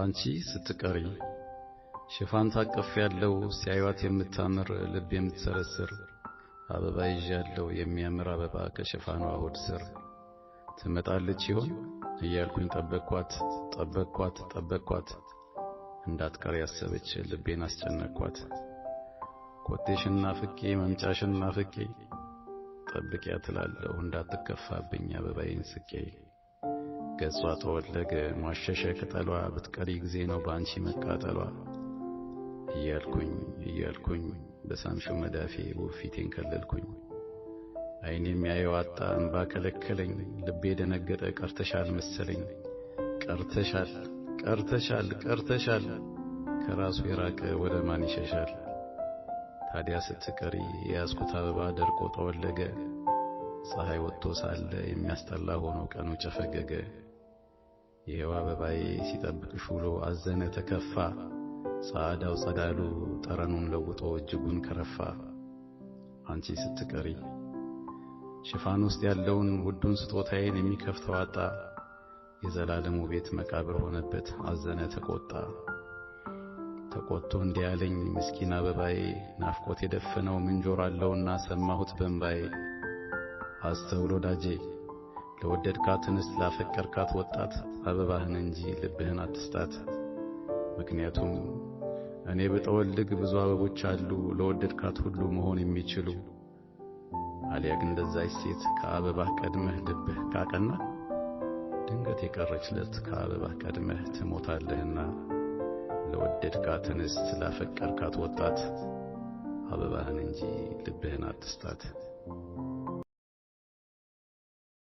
አንቺ ስትቀሪ ሽፋን ታቀፍ ያለው ሲያዩት የምታምር ልብ የምትሰረስር አበባ ይዣለው የሚያምር አበባ ከሽፋኗ ሆድ ስር ትመጣለች ይሆን እያልኩኝ ጠበቅኳት ጠበቅኳት ጠበቅኳት እንዳትቀር ያሰበች ልቤን አስጨነቅኳት። ኮቴሽን ናፍቄ መምጫሽን ናፍቄ ጠብቂያ ትላለሁ እንዳትከፋብኝ አበባዬን ስቄ ገጿ ተወለገ ሟሸሸ ቅጠሏ ብትቀሪ ጊዜ ነው በአንቺ መቃጠሏ እያልኩኝ እያልኩኝ በሳምሹ መዳፌ ውፊቴን ከለልኩኝ። ዓይኔ የሚያየው አጣ እንባ ከለከለኝ። ልቤ ደነገጠ ቀርተሻል መሰለኝ ቀርተሻል ቀርተሻል ቀርተሻል ከራሱ የራቀ ወደ ማን ይሸሻል? ታዲያ ስትቀሪ የያዝኩት አበባ ደርቆ ጠወለገ። ፀሐይ ወጥቶ ሳለ የሚያስጠላ ሆኖ ቀኑ ጨፈገገ። ይሄው አበባዬ ሲጠብቅሽ ውሎ አዘነ ተከፋ፣ ጻዳው ጸዳሉ ጠረኑን ለውጦ እጅጉን ከረፋ። አንቺ ስትቀሪ ሽፋን ውስጥ ያለውን ውዱን ስጦታዬን የሚከፍተው አጣ፣ የዘላለሙ ቤት መቃብር ሆነበት አዘነ ተቆጣ። ተቆጥቶ እንዲያለኝ ምስኪን አበባዬ ናፍቆት የደፈነው ምንጆር አለውና ሰማሁት በንባዬ አስተውሎ ዳጄ ለወደድካት እንስት ላፈቀርካት ወጣት አበባህን እንጂ ልብህን አትስጣት። ምክንያቱም እኔ ብጠወልግ ብዙ አበቦች አሉ ለወደድካት ሁሉ መሆን የሚችሉ። አሊያ ግን እንደዛች ሴት ከአበባህ ቀድመህ ልብህ ካቀና ድንገት የቀረችለት ዕለት ከአበባህ ቀድመህ ትሞታለህና ለወደድካት እንስት ላፈቀርካት ወጣት አበባህን እንጂ ልብህን አትስጣት።